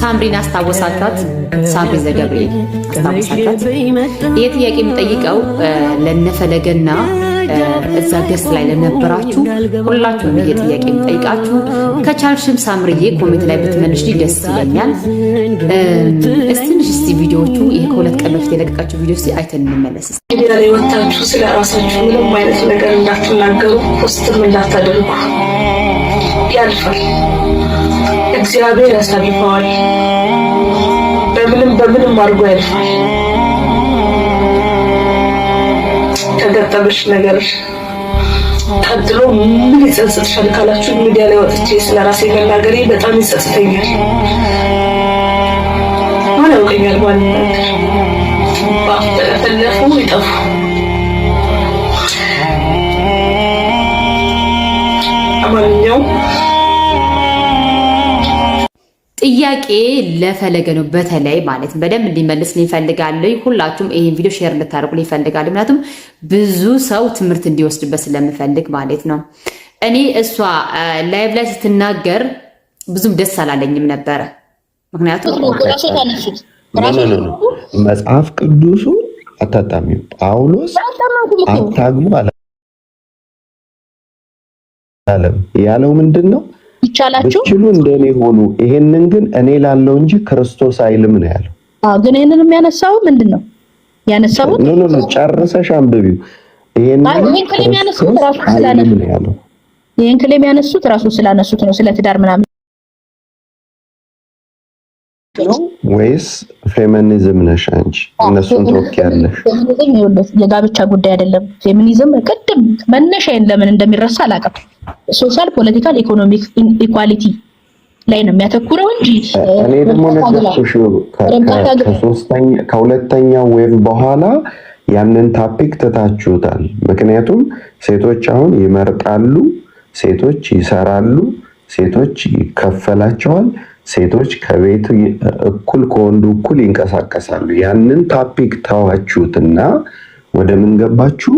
ሳምሪን አስታወሳታት? ሳምሪ ዘገብርኤል አስታወሳታት? ይህ ጥያቄ የምጠይቀው ለነፈለገና እዛ ገስ ላይ ለነበራችሁ ሁላችሁም ይሄ ጥያቄ የምጠይቃችሁ ከቻልሽም ሳምርዬ ኮሜንት ላይ ብትመልሽ ደስ ይለኛል። እስትንሽ ስ ቪዲዮዎቹ ይሄ ከሁለት ቀን በፊት የለቀቃቸው ቪዲዮ እስቲ አይተን እንመለስ። ሚዲያ ላይ ወታችሁ ስለ ራሳችሁ ምንም አይነት ነገር እንዳትናገሩ፣ ውስጥም እንዳታደርጉ ያልፋል እግዚአብሔር ያሳልፈዋል። በምንም በምንም አድርጎ ያልፋል? ከገጠመሽ ነገር ቀጥሎ ምን ይጸጽትሻል ካላችሁ ሚዲያ ላይ ወጥቼ ስለ ራሴ መናገሬ በጣም ይጸጽተኛል። ማን ያውቀኛል? ማን ፈለፉ ይጠፉ አማንኛውም ጥያቄ ለፈለገ ነው። በተለይ ማለት በደንብ እንዲመልስ ሊፈልጋለሁ። ሁላችሁም ይህን ቪዲዮ ሼር እንድታደርጉ ሊፈልጋለሁ። ምክንያቱም ብዙ ሰው ትምህርት እንዲወስድበት ስለምፈልግ ማለት ነው። እኔ እሷ ላይቭ ላይ ስትናገር ብዙም ደስ አላለኝም ነበረ። ምክንያቱም መጽሐፍ ቅዱሱ አታጣሚ ጳውሎስ አታግቡ አላለም። ያለው ምንድን ነው ይቻላችሁ ብትችሉ እንደኔ ሆኑ። ይሄንን ግን እኔ ላለው እንጂ ክርስቶስ አይልም ነው ያለው። አዎ ግን ይሄንን የሚያነሳው ምንድን ነው ያነሳው? ኖ ኖ ኖ ጨርሰሽ አንብቢው። ይሄንን ይሄን ክሌም ያነሱት ራሱ ስላነሱት ነው ስለ ትዳር ምናምን ወይስ ፌሚኒዝም ነሽ አንቺ? እነሱን ትወክያለሽ። የጋብቻ ጉዳይ አይደለም። ፌሚኒዝም ቅድም መነሻዬን ለምን እንደሚረሳ አላውቅም። ሶሻል፣ ፖለቲካል፣ ኢኮኖሚክ ኢኳሊቲ ላይ ነው የሚያተኩረው እንጂ እኔ ደግሞ ነገርኩሽ ከሁለተኛው ዌቭ በኋላ ያንን ታፒክ ትታችሁታል። ምክንያቱም ሴቶች አሁን ይመርጣሉ፣ ሴቶች ይሰራሉ፣ ሴቶች ይከፈላቸዋል ሴቶች ከቤቱ እኩል ከወንዱ እኩል ይንቀሳቀሳሉ። ያንን ታፒክ ተዋችሁትና ወደ ምን ገባችሁ?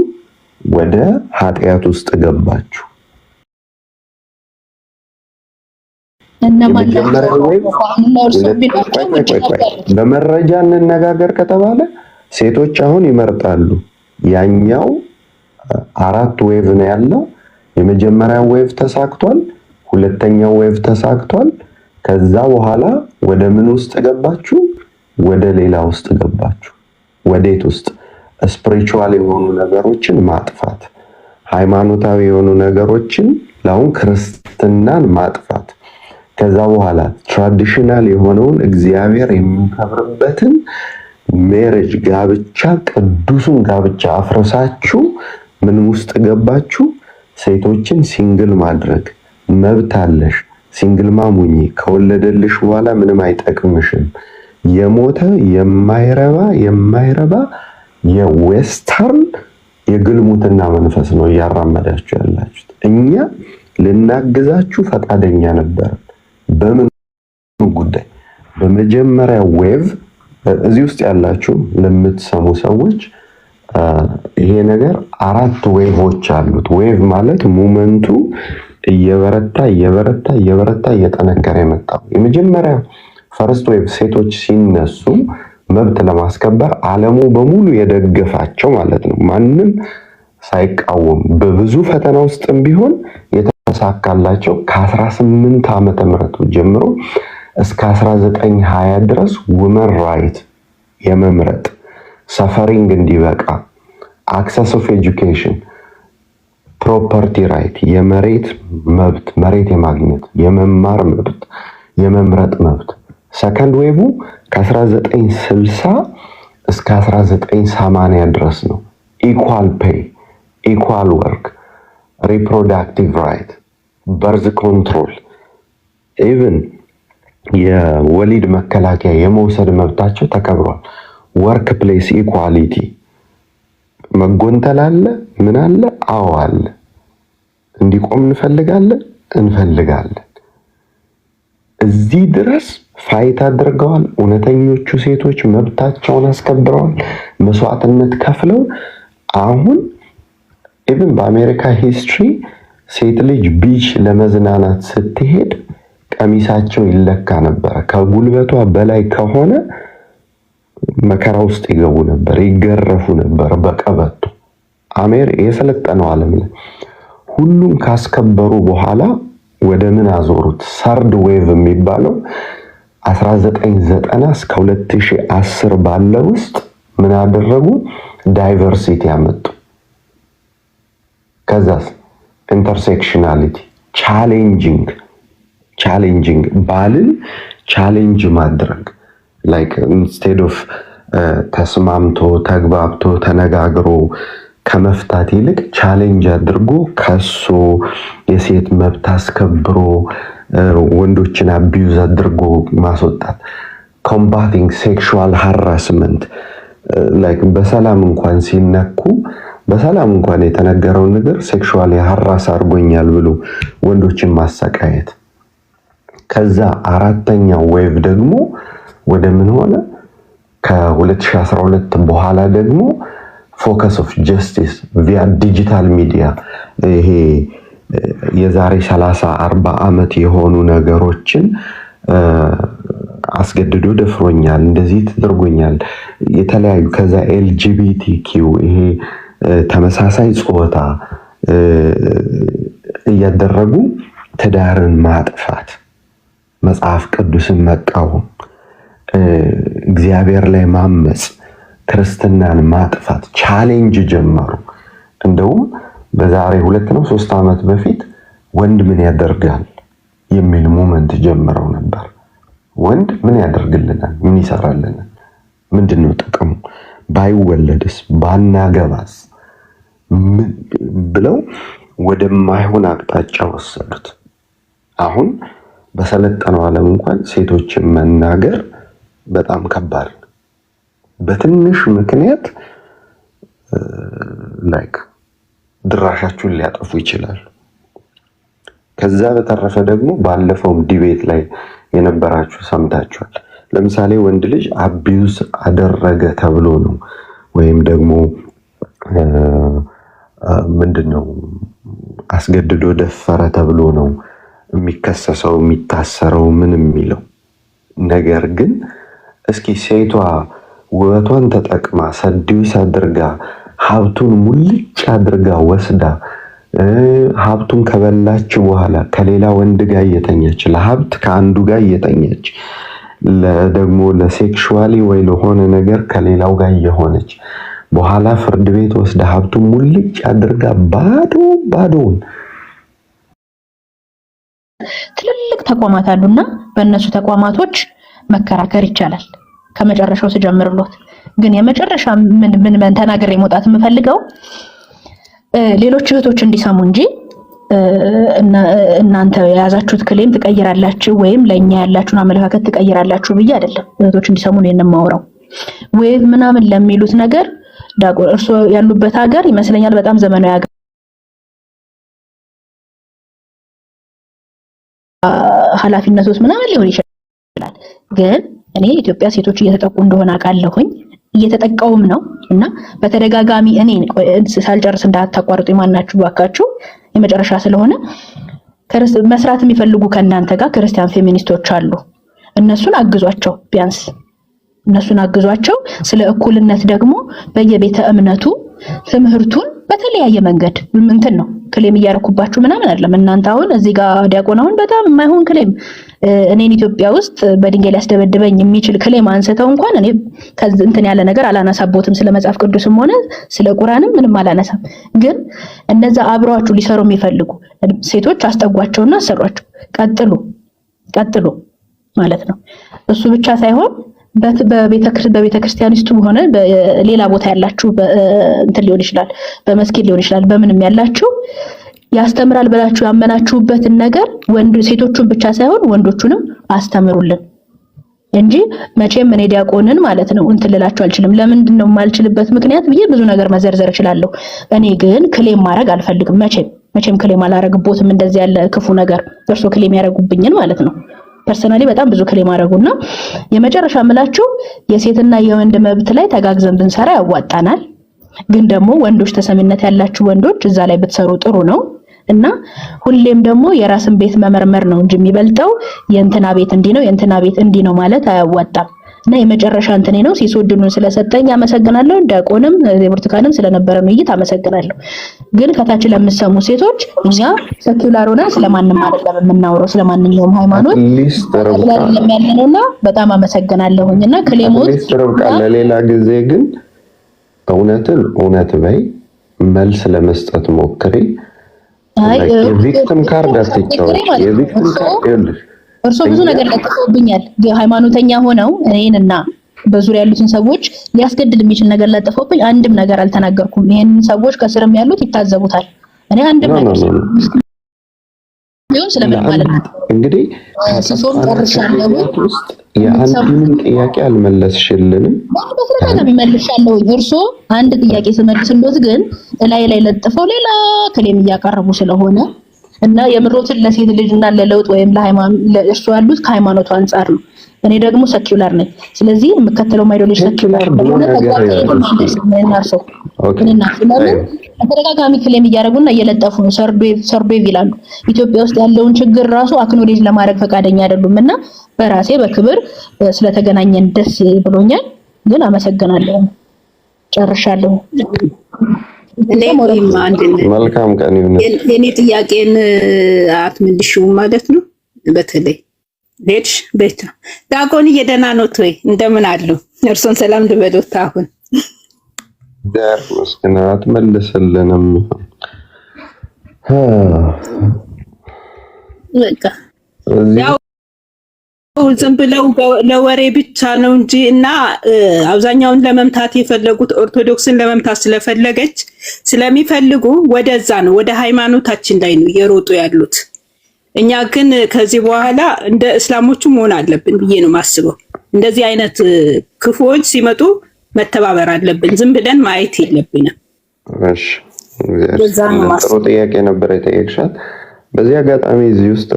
ወደ ኃጢአት ውስጥ ገባችሁ። በመረጃ እንነጋገር ከተባለ ሴቶች አሁን ይመርጣሉ። ያኛው አራት ዌቭ ነው ያለው። የመጀመሪያው ዌቭ ተሳክቷል። ሁለተኛው ዌቭ ተሳክቷል። ከዛ በኋላ ወደ ምን ውስጥ ገባችሁ? ወደ ሌላ ውስጥ ገባችሁ። ወዴት ውስጥ? ስፕሪቹዋል የሆኑ ነገሮችን ማጥፋት፣ ሃይማኖታዊ የሆኑ ነገሮችን ለአሁን ክርስትናን ማጥፋት። ከዛ በኋላ ትራዲሽናል የሆነውን እግዚአብሔር የምንከብርበትን ሜሬጅ ጋብቻ፣ ቅዱሱን ጋብቻ አፍረሳችሁ ምን ውስጥ ገባችሁ? ሴቶችን ሲንግል ማድረግ መብት አለሽ ሲንግል ማም ከወለደልሽ በኋላ ምንም አይጠቅምሽም። የሞተ የማይረባ የማይረባ የዌስተርን የግልሙትና መንፈስ ነው እያራመዳችሁ ያላችሁት። እኛ ልናግዛችሁ ፈቃደኛ ነበር በምን ጉዳይ? በመጀመሪያ ዌቭ እዚህ ውስጥ ያላችሁ ለምትሰሙ ሰዎች ይሄ ነገር አራት ዌቮች አሉት። ዌቭ ማለት ሙመንቱ እየበረታ እየበረታ እየበረታ እየጠነከረ የመጣው የመጀመሪያ ፈርስት ሴቶች ሲነሱ መብት ለማስከበር አለሙ በሙሉ የደገፋቸው ማለት ነው። ማንም ሳይቃወም በብዙ ፈተና ውስጥም ቢሆን የተሳካላቸው ከ18 ዓመተ ምህረቱ ጀምሮ እስከ 1920 ድረስ ውመን ራይት የመምረጥ ሰፈሪንግ እንዲበቃ አክሰስ ኦፍ ኤጁኬሽን ፕሮፐርቲ ራይት የመሬት መብት መሬት የማግኘት የመማር መብት የመምረጥ መብት። ሰከንድ ዌቡ ከ1960 እስከ 1980 ድረስ ነው። ኢኳል ፔይ፣ ኢኳል ወርክ፣ ሪፕሮዳክቲቭ ራይት፣ በርዝ ኮንትሮል ኢቨን የወሊድ መከላከያ የመውሰድ መብታቸው ተከብሯል። ወርክ ፕሌስ ኢኳሊቲ መጎንተል አለ ምን አለ አዎ አለ። እንዲቆም እንፈልጋለን እንፈልጋለን። እዚህ ድረስ ፋይት አድርገዋል። እውነተኞቹ ሴቶች መብታቸውን አስከብረዋል፣ መስዋዕትነት ከፍለው አሁን ኢቭን በአሜሪካ ሂስትሪ ሴት ልጅ ቢች ለመዝናናት ስትሄድ ቀሚሳቸው ይለካ ነበረ። ከጉልበቷ በላይ ከሆነ መከራ ውስጥ ይገቡ ነበር፣ ይገረፉ ነበር በቀበት አሜር የሰለጠነው ዓለም ላይ ሁሉም ካስከበሩ በኋላ ወደ ምን አዞሩት? ሰርድ ዌቭ የሚባለው 1990 እስከ 2010 ባለ ውስጥ ምን አደረጉ? ዳይቨርሲቲ ያመጡ። ከዛስ ኢንተርሴክሽናሊቲ ቻሌንጂንግ ቻሌንጂንግ ባልን ቻሌንጅ ማድረግ ላይክ ኢንስቴድ ኦፍ ተስማምቶ ተግባብቶ ተነጋግሮ ከመፍታት ይልቅ ቻሌንጅ አድርጎ ከሶ የሴት መብት አስከብሮ ወንዶችን አቢዩዝ አድርጎ ማስወጣት ኮምባቲንግ ሴክሹዋል ሃራስመንት ላይክ በሰላም እንኳን ሲነኩ በሰላም እንኳን የተነገረውን ነገር ሴክሹዋል ሃራስ አድርጎኛል ብሎ ወንዶችን ማሰቃየት። ከዛ አራተኛው ዌቭ ደግሞ ወደ ምን ሆነ? ከ2012 በኋላ ደግሞ ፎከስ ኦፍ ጀስቲስ ቪያ ዲጂታል ሚዲያ ይሄ የዛሬ 30 40 ዓመት የሆኑ ነገሮችን አስገድዶ ደፍሮኛል፣ እንደዚህ ተደርጎኛል፣ የተለያዩ ከዛ ኤልጂቢቲ ይሄ ተመሳሳይ ጾታ እያደረጉ ትዳርን ማጥፋት፣ መጽሐፍ ቅዱስን መቃወም፣ እግዚአብሔር ላይ ማመፅ ክርስትናን ማጥፋት ቻሌንጅ ጀመሩ። እንደውም በዛሬ ሁለት ነው ሶስት ዓመት በፊት ወንድ ምን ያደርጋል የሚል ሞመንት ጀምረው ነበር። ወንድ ምን ያደርግልናል? ምን ይሰራልናል? ምንድን ነው ጥቅሙ? ባይወለድስ ባናገባስ ብለው ወደማይሆን አቅጣጫ ወሰዱት። አሁን በሰለጠነው ዓለም እንኳን ሴቶችን መናገር በጣም ከባድ በትንሽ ምክንያት ላይክ ድራሻችሁን ሊያጠፉ ይችላል። ከዛ በተረፈ ደግሞ ባለፈውም ዲቤት ላይ የነበራችሁ ሰምታችኋል። ለምሳሌ ወንድ ልጅ አቢዩስ አደረገ ተብሎ ነው ወይም ደግሞ ምንድን ነው አስገድዶ ደፈረ ተብሎ ነው የሚከሰሰው የሚታሰረው ምን የሚለው ነገር ግን እስኪ ሴቷ ውበቷን ተጠቅማ ሰዲስ አድርጋ ሀብቱን ሙልጭ አድርጋ ወስዳ ሀብቱን ከበላች በኋላ ከሌላ ወንድ ጋር እየተኛች ለሀብት ከአንዱ ጋር እየተኛች ደግሞ ለሴክሽዋሊ ወይ ለሆነ ነገር ከሌላው ጋር እየሆነች በኋላ ፍርድ ቤት ወስዳ ሀብቱን ሙልጭ አድርጋ ባዶ ባዶውን ትልልቅ ተቋማት አሉና በእነሱ ተቋማቶች መከራከር ይቻላል። ከመጨረሻው ስጀምርሎት ግን የመጨረሻ ምን ምን ተናገር መውጣት የምፈልገው ሌሎች እህቶች እንዲሰሙ እንጂ እናንተ የያዛችሁት ክሌም ትቀይራላችሁ ወይም ለእኛ ያላችሁን አመለካከት ትቀይራላችሁ ብዬ አይደለም። እህቶች እንዲሰሙ ነው የማወራው። ወይ ምናምን ለሚሉት ነገር ዳቆ እርስዎ ያሉበት ሀገር ይመስለኛል በጣም ዘመናዊ ሀገር ኃላፊነት ምናምን ሊሆን ይችላል ግን እኔ ኢትዮጵያ ሴቶች እየተጠቁ እንደሆነ አውቃለሁኝ እየተጠቃውም ነው እና በተደጋጋሚ እኔ ሳልጨርስ እንዳታቋርጡ ማናችሁ ባካችሁ፣ የመጨረሻ ስለሆነ መስራት የሚፈልጉ ከእናንተ ጋር ክርስቲያን ፌሚኒስቶች አሉ። እነሱን አግዟቸው፣ ቢያንስ እነሱን አግዟቸው። ስለ እኩልነት ደግሞ በየቤተ እምነቱ ትምህርቱን በተለያየ መንገድ ምንትን ነው ክሌም እያረኩባችሁ ምናምን አይደለም። እናንተ አሁን እዚህ ጋር ዲያቆን አሁን በጣም የማይሆን ክሌም እኔን ኢትዮጵያ ውስጥ በድንጋይ ሊያስደበድበኝ የሚችል ክሌ አንስተው እንኳን እኔ እንትን ያለ ነገር አላነሳቦትም። ስለ መጽሐፍ ቅዱስም ሆነ ስለ ቁራንም ምንም አላነሳም። ግን እነዛ አብረዋችሁ ሊሰሩ የሚፈልጉ ሴቶች አስጠጓቸውና አሰሯቸው። ቀጥሉ ቀጥሉ ማለት ነው። እሱ ብቻ ሳይሆን በቤተ ክርስቲያን ውስጥ ሆነ ሌላ ቦታ ያላችሁ እንትን ሊሆን ይችላል፣ በመስጊድ ሊሆን ይችላል፣ በምንም ያላችሁ ያስተምራል ብላችሁ ያመናችሁበትን ነገር ወንድ ሴቶቹን ብቻ ሳይሆን ወንዶቹንም አስተምሩልን እንጂ መቼም እኔ ዲያቆንን ማለት ነው እንትን ልላችሁ አልችልም። ለምንድን ነው የማልችልበት ምክንያት ብዬ ብዙ ነገር መዘርዘር እችላለሁ። እኔ ግን ክሌም ማድረግ አልፈልግም። መቼም መቼም ክሌም አላረግቦትም እንደዚህ ያለ ክፉ ነገር እርሶ ክሌም ያደረጉብኝን ማለት ነው። ፐርሰናሊ በጣም ብዙ ክሌም አረጉና የመጨረሻ የምላችሁ የሴትና የወንድ መብት ላይ ተጋግዘን ብንሰራ ያዋጣናል። ግን ደግሞ ወንዶች ተሰሚነት ያላችሁ ወንዶች እዛ ላይ ብትሰሩ ጥሩ ነው። እና ሁሌም ደግሞ የራስን ቤት መመርመር ነው እንጂ የሚበልጠው የእንትና ቤት እንዲህ ነው የእንትና ቤት እንዲህ ነው ማለት አያዋጣም። እና የመጨረሻ እንትኔ ነው ሲሶድኑን ስለሰጠኝ አመሰግናለሁ። ዲያቆንም የብርቱካንም ስለነበረን ውይይት አመሰግናለሁ። ግን ከታች ለምሰሙ ሴቶች እኛ ሰኪላር ሆነን ስለማንም አይደለም የምናውረው ስለማንኛውም ሃይማኖት ያለነውና በጣም አመሰግናለሁኝ። እና ክሌሞት ለሌላ ጊዜ ግን እውነትን እውነት በይ መልስ ለመስጠት ሞክሬ የቪክቲም ካርድ አስተጫወት። እርሶ ብዙ ነገር ለጥፈውብኛል። ሃይማኖተኛ ሆነው እኔንና በዙሪያ ያሉትን ሰዎች ሊያስገድል የሚችል ነገር ለጥፈውብኝ አንድም ነገር አልተናገርኩም። ይሄንን ሰዎች ከስርም ያሉት ይታዘቡታል። እኔ አንድም ነገር ቢሆን ስለምን ማለት ነው እንግዲህ ውስጥ የአንዱንም ጥያቄ አልመለስሽልንም። በተደጋጋሚ መልሻለሁ። እርሶ አንድ ጥያቄ ስመልስሎት ግን እላይ ላይ ለጥፈው ሌላ ክሌም እያቀረቡ ስለሆነ እና የምሮትን ለሴት ልጅና ለለውጥ ወይም ለሃይማኖት እርሶ ያሉት ከሃይማኖቱ አንጻር ነው። እኔ ደግሞ ሰኪውላር ነኝ። ስለዚህ የምከተለው ማይዶሎጂ ሰኪውላር ነው። ተደጋጋሚ ክሌም እያደረጉና እየለጠፉ ነው። ሰርዶይቭ ይላሉ። ኢትዮጵያ ውስጥ ያለውን ችግር ራሱ አክኖሌጅ ለማድረግ ፈቃደኛ አይደሉም። እና በራሴ በክብር ስለተገናኘን ደስ ብሎኛል። ግን አመሰግናለሁ። ጨርሻለሁ። መልካም ቀን ይሁን። የኔ ጥያቄን አትመልሽውም ማለት ነው በተለይ ሌድሽ ቤቱ ዳጎን እየደህና ኖት ወይ? እንደምን አሉ? እርሶን ሰላም ልበሎት። አሁን ዳር መስክና አትመለሰልንም። ዝም ብለው ለወሬ ብቻ ነው እንጂ እና አብዛኛውን ለመምታት የፈለጉት ኦርቶዶክስን ለመምታት ስለፈለገች ስለሚፈልጉ ወደዛ ነው ወደ ሃይማኖታችን ላይ ነው እየሮጡ ያሉት። እኛ ግን ከዚህ በኋላ እንደ እስላሞቹ መሆን አለብን ብዬ ነው የማስበው። እንደዚህ አይነት ክፉዎች ሲመጡ መተባበር አለብን። ዝም ብለን ማየት የለብንም። ጥሩ ጥያቄ ነበር የጠየቅሻት። በዚህ አጋጣሚ እዚህ ውስጥ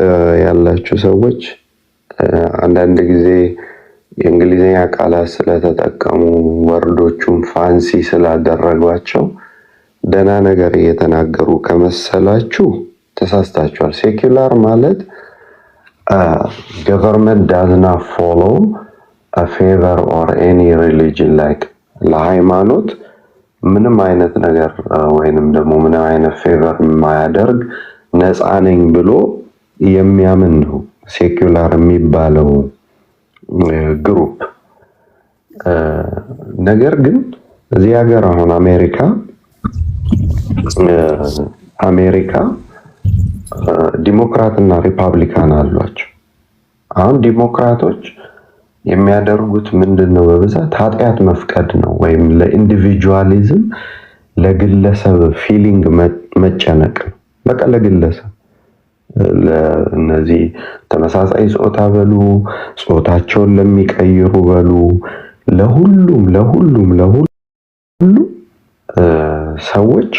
ያላችሁ ሰዎች አንዳንድ ጊዜ የእንግሊዝኛ ቃላት ስለተጠቀሙ ወርዶቹን ፋንሲ ስላደረጓቸው ደህና ነገር እየተናገሩ ከመሰላችሁ ተሳስታችኋል። ሴኩላር ማለት ገቨርንመንት ዳዝና ፎሎ ፌቨር ኦር ኤኒ ሪሊጅን ላይክ ለሃይማኖት ምንም አይነት ነገር ወይንም ደግሞ ምንም አይነት ፌቨር የማያደርግ ነፃ ነኝ ብሎ የሚያምን ነው ሴኩላር የሚባለው ግሩፕ። ነገር ግን እዚህ ሀገር አሁን አሜሪካ አሜሪካ ዲሞክራትና ሪፐብሊካን አሏቸው። አሁን ዲሞክራቶች የሚያደርጉት ምንድን ነው? በብዛት ኃጢአት መፍቀድ ነው፣ ወይም ለኢንዲቪጁዋሊዝም ለግለሰብ ፊሊንግ መጨነቅ ነው። በቃ ለግለሰብ ለእነዚህ ተመሳሳይ ጾታ በሉ ጾታቸውን ለሚቀይሩ በሉ ለሁሉም ለሁሉም ለሁሉም ሰዎች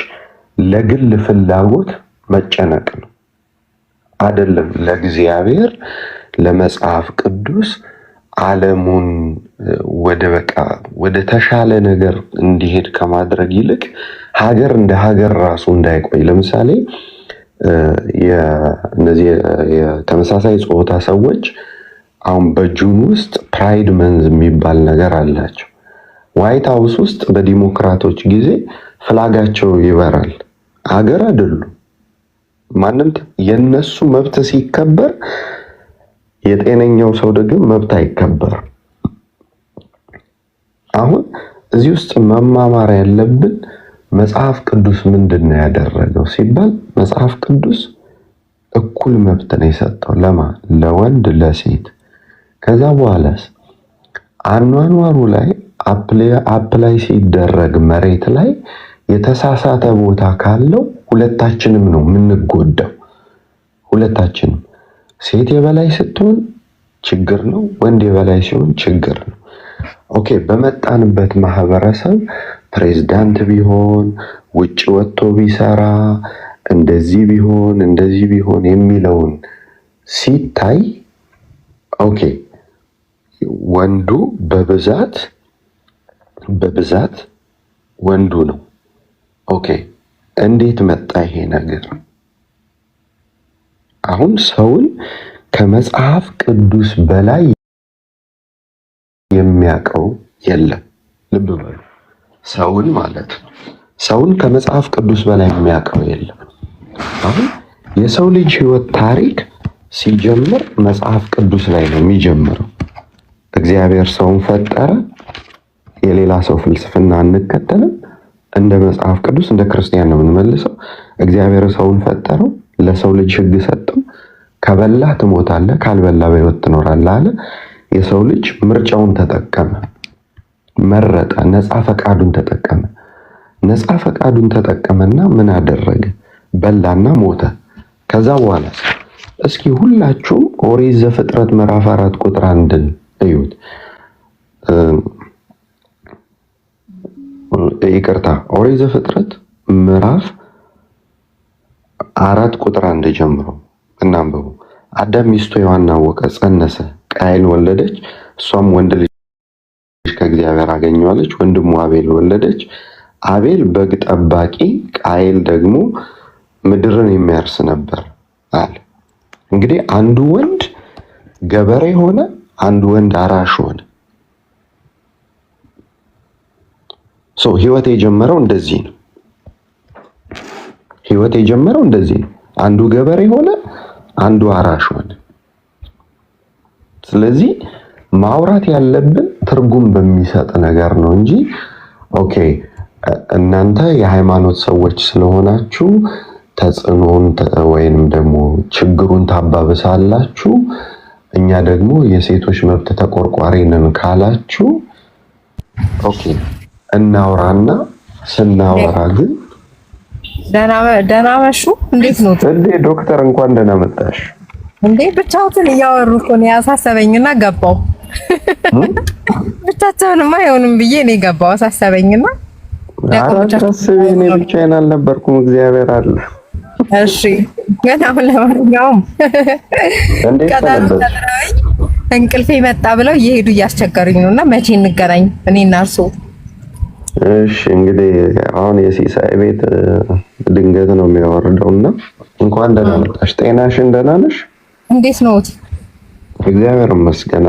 ለግል ፍላጎት መጨነቅ ነው። አይደለም ለእግዚአብሔር ለመጽሐፍ ቅዱስ ዓለሙን ወደ በቃ ወደ ተሻለ ነገር እንዲሄድ ከማድረግ ይልቅ ሀገር እንደ ሀገር ራሱ እንዳይቆይ ለምሳሌ እነዚህ የተመሳሳይ ጾታ ሰዎች አሁን በጁን ውስጥ ፕራይድ መንዝ የሚባል ነገር አላቸው። ዋይት ሀውስ ውስጥ በዲሞክራቶች ጊዜ ፍላጋቸው ይበራል። ሀገር አይደሉም። ማንም የነሱ መብት ሲከበር የጤነኛው ሰው ደግሞ መብት አይከበር። አሁን እዚህ ውስጥ መማማር ያለብን መጽሐፍ ቅዱስ ምንድን ነው ያደረገው ሲባል መጽሐፍ ቅዱስ እኩል መብት ነው የሰጠው ለማ ለወንድ ለሴት። ከዛ በኋላስ አኗኗሩ ላይ አፕላይ ሲደረግ መሬት ላይ የተሳሳተ ቦታ ካለው ሁለታችንም ነው የምንጎዳው። ሁለታችንም ሴት የበላይ ስትሆን ችግር ነው፣ ወንድ የበላይ ሲሆን ችግር ነው። ኦኬ በመጣንበት ማህበረሰብ ፕሬዝዳንት ቢሆን ውጭ ወጥቶ ቢሰራ እንደዚህ ቢሆን እንደዚህ ቢሆን የሚለውን ሲታይ ኦኬ ወንዱ በብዛት በብዛት ወንዱ ነው ኦኬ እንዴት መጣ ይሄ ነገር? አሁን ሰውን ከመጽሐፍ ቅዱስ በላይ የሚያውቀው የለም። ልብ በሉ፣ ሰውን ማለት ነው። ሰውን ከመጽሐፍ ቅዱስ በላይ የሚያውቀው የለም። አሁን የሰው ልጅ ሕይወት ታሪክ ሲጀምር መጽሐፍ ቅዱስ ላይ ነው የሚጀምረው። እግዚአብሔር ሰውን ፈጠረ። የሌላ ሰው ፍልስፍና አንከተልም። እንደ መጽሐፍ ቅዱስ እንደ ክርስቲያን ነው የምንመልሰው። እግዚአብሔር ሰውን ፈጠረው፣ ለሰው ልጅ ህግ ሰጠው። ከበላህ ትሞታለህ፣ ካልበላ በህይወት ትኖራለህ አለ። የሰው ልጅ ምርጫውን ተጠቀመ፣ መረጠ፣ ነፃ ፈቃዱን ተጠቀመ። ነፃ ፈቃዱን ተጠቀመና ምን አደረገ? በላና ሞተ። ከዛ በኋላ እስኪ ሁላችሁም ኦሪት ዘፍጥረት ምዕራፍ አራት ቁጥር አንድን እዩት። ይቅርታ ኦሪት ዘፍጥረት ምዕራፍ አራት ቁጥር አንድ ጀምሮ እናንብቡ። አዳም ሚስቱ ሔዋንን አወቀ፣ ጸነሰ፣ ቃይል ወለደች። እሷም ወንድ ልጅ ከእግዚአብሔር አገኘዋለች። ወንድሙ አቤል ወለደች። አቤል በግ ጠባቂ፣ ቃየል ደግሞ ምድርን የሚያርስ ነበር አለ። እንግዲህ አንዱ ወንድ ገበሬ ሆነ፣ አንዱ ወንድ አራሽ ሆነ። ህይወት የጀመረው እንደዚህ ነው። ህይወት የጀመረው እንደዚህ ነው። አንዱ ገበሬ ሆነ፣ አንዱ አራሽ ሆነ። ስለዚህ ማውራት ያለብን ትርጉም በሚሰጥ ነገር ነው እንጂ ኦኬ እናንተ የሃይማኖት ሰዎች ስለሆናችሁ ተጽዕኖውን ወይም ደግሞ ችግሩን ታባብሳላችሁ፣ እኛ ደግሞ የሴቶች መብት ተቆርቋሪ ነን ካላችሁ ኦኬ እናውራና ስናወራ ግን ደህና መሹ። እንዴት ነው እንዴ? ዶክተር እንኳን ደህና መጣሽ። እንዴ ብቻዎትን እያወሩ እኮ ነው ያሳሰበኝና ገባው። ብቻቸውንማ አይሆንም ብዬ እኔ ገባው አሳሰበኝና እኔ ብቻዬን አልነበርኩም። እግዚአብሔር አለ። እሺ ግን አሁን ለማንኛውም እንቅልፌ መጣ ብለው እየሄዱ እያስቸገሩኝ ነው እና መቼ እንገናኝ እኔ እና እርስዎ እሺ እንግዲህ አሁን የሲሳይ ቤት ድንገት ነው የሚያወርደው እና እንኳን ደህና መጣሽ። ጤናሽን ደህና ነሽ? እንዴት ነው? እግዚአብሔር ይመስገን።